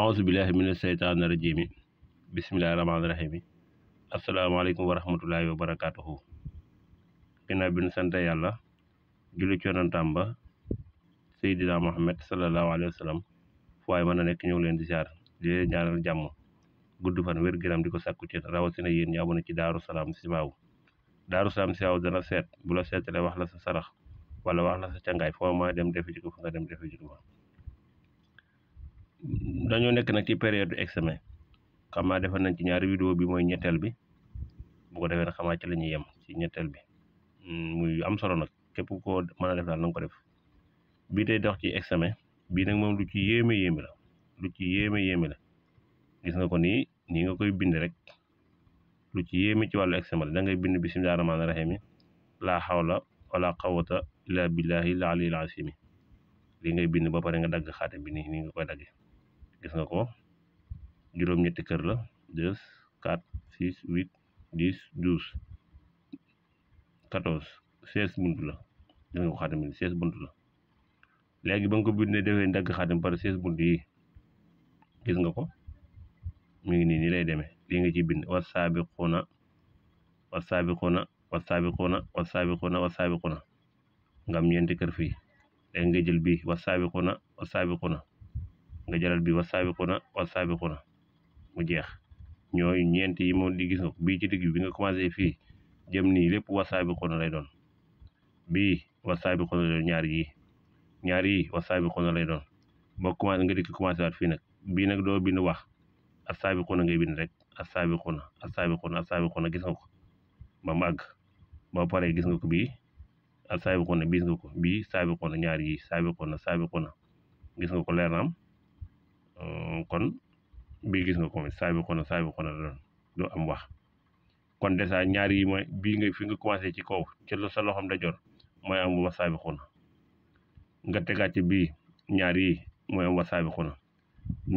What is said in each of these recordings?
aousubillahi mina seytaani rajimi bisimilahi rahmaani rahimi asalaamaaleykum wa rahmatullahi wa barakaatuhu ginnaaw bi nu sant yàlla julli ci yonantam ba Seydina Muhammad sallallahu alayhi fu waay mën a nekk ñëw leen di ziar di leen ñaanal jàmm gudd fan wér ginam di ko sàkku ci rawatina yéen ñu abonné ci Daaru Salaam Sibaaw Daaru Salaam Sibaaw dana seet bu la seetalee wax la sa sarax wala wax la sa cangaay foo ma dem defe ko fa nga dem defe ji dañoo nekk na ci période examen xam naa defal nañ ci ñaari vidéo bi mooy ñetteel bi bu ko defee nag xamaa ci la yem ci ñetteel bi hmm, muy am solo nag képp koo mën a def daal na ko def bii tey dox ci examen bii nag moom lu ci yéeme yéeme la lu ci yéeme yéeme la gis nga ko ni nii nga koy bind rek lu ci yéeme ci wàllu examen la dangay bind bind bismillahi rahmaani rahim yi laa xawla wala xawata illa billahi la aliyil asimi li ngay bind ba pare nga dagg xaatim bi ni nii nga koy daggee gis nga ko juróom-ñetti kër la deux quatre six huit dix douze quatorze seize bunt la gis nga ko xaatim bi seize bunt la léegi ba nga ko bindee defee dagg xaatim par seize bunt yi gis nga ko mu ngi nii nii lay demee lii nga ci bind wasaabiquuna wasaabiquuna wasaabiquuna wasaabiquuna wasaabiquuna nga am ñeenti kër fii léegi nga jël bi bii wasaabiquuna wasaabiquuna nga jalal bi wa wasaabiquuna wasaabiquuna mu jeex ñooyu ñeent yi moo di gis nga bii ci digg bi nga commencé fii jëm nii lépp wasaabiquuna lay doon bi wasaabiquuna lay doon ñaar yii ñaar yii wasaabiquuna lay doon boo commencé nga dikk commencé waat fii nag bii nag doo bind wax asaabiquuna ngay bind rek asaabiquuna asaabiquuna asaabiquuna gis nga ko ba màgg boo paree gis nga ko bii asaabiquuna bii gis nga ko bii saabiquuna ñaar yii saabiquuna saabiquuna gis nga ko leer na kon bii gis nga ko saay bu xona saay la doon du am wax kon dèjà ñaar yi bii nga fi nga commencé ci kaw ci sa loxoom da jor mooy am wax saay bu nga tegaat ci bi ñaar yi mooy am wax saay bu xona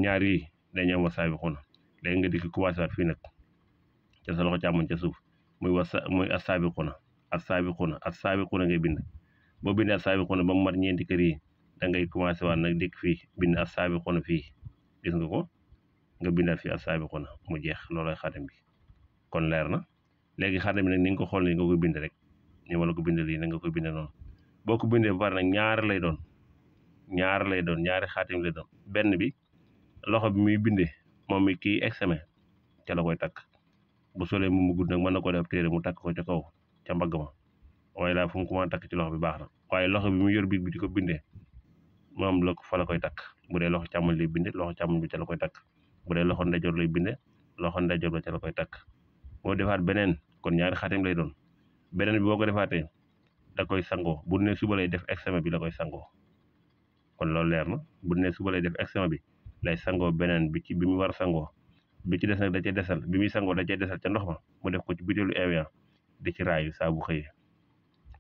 ñaar yi dañuy am wax saay bu xona léegi nga dikk commencé waat fii nag ca sa loxo càmmoñ ca suuf muy wasa muy asaabiquna asaabiquna asaabiquna ngay bind boo bindee asaabiquna ba mu mat ñeenti kër yi da ngay commencé waat nag dikk fii bind asaabiquna fii gis nga ko nga bindaat fii as-saabiquuna mu jeex loolooy xaatim bi kon leer na léegi xaatim bi nag ni nga ko xool nii nga ko bind rek ni wala ko bind lii na nga ko bind noonu boo ko bindee ba pare nag ñaar lay doon ñaar lay doon ñaari xaatim lay doon benn bi loxo bi muy bindee moom mi kii examen ca la koy takk bu solee mu mu gudd nag mën na ko def téere mu takk ko ca kaw ca mbagg ma waaye laa fu mu ko mën a takk ci loxo bi baax na waaye loxo bi mu yor biig bi ko bindee moom la fa la koy takk bu dee loxo càmmoñ lay binde loxo càmmoñ bi ca la koy takk bu dee loxo ndeyjoor lay binde loxo ndeyjoor ba ca la koy takk boo defaat beneen kon ñaari xaatim lay doon beneen bi boo ko defaatee da koy sangoo bu ne suba lay def examen bi la koy sangoo kon loolu leer na bu ne suba lay def examen bi lay sangoo beneen bi ci bi mu war a sangoo bi ci des nag da cee desal bi muy sangoo da cee desal ca ndox ma mu def ko ci bitéelu Evian di ci raayu saa bu xëyee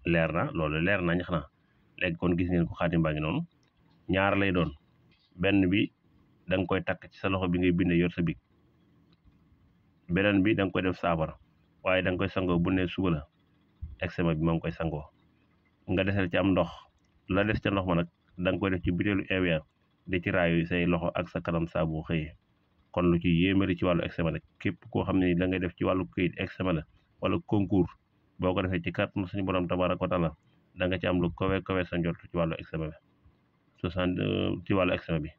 leer na loolu leer na ñax na léegi kon gis ngeen ko xaatim baa ngi noonu ñaar lay doon benn bi danga koy takk ci sa loxo bi ngay bindee yor sa big beneen bi da nga koy def saabara waaye da nga koy sangoo bu ne suba la eczéma bi moo ngi koy sangoo nga desal ci am ndox la des ca ndox ma nag da nga koy def ci butéelu eweer de ci raayu say loxo ak sa kanam saa xëyee kon lu ci yéemali ci wàllu eczéma nag képp koo xam ne la ngay def ci wàllu këyit eczéma la wala concours boo ko defee ci kàttanu suñu borom tabaaraka wa taala da nga ci am lu kawe kawe sa njort ci wàllu eczéma bi soixante euh, ci wàllu extra bi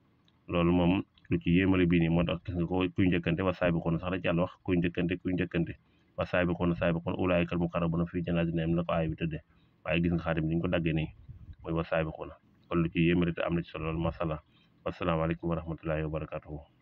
loolu moom lu ci yéemale bii nii moo tax gis nga ko kuy njëkkante wa saabiquuna sax da ci Yàlla wax kuy njëkkante kuy njëkkante wa saabiquuna saabiquuna ulaaikal muqarrabuuna fii jannaati na'iim aay bi tëddee waaye gis nga xaatim ni ko daggee mooy mooy wa saabiquuna kon lu ci yéemale te am na ci solo loolu masala wasalaamaaleykum wa rahmatullahi wa barakatuhu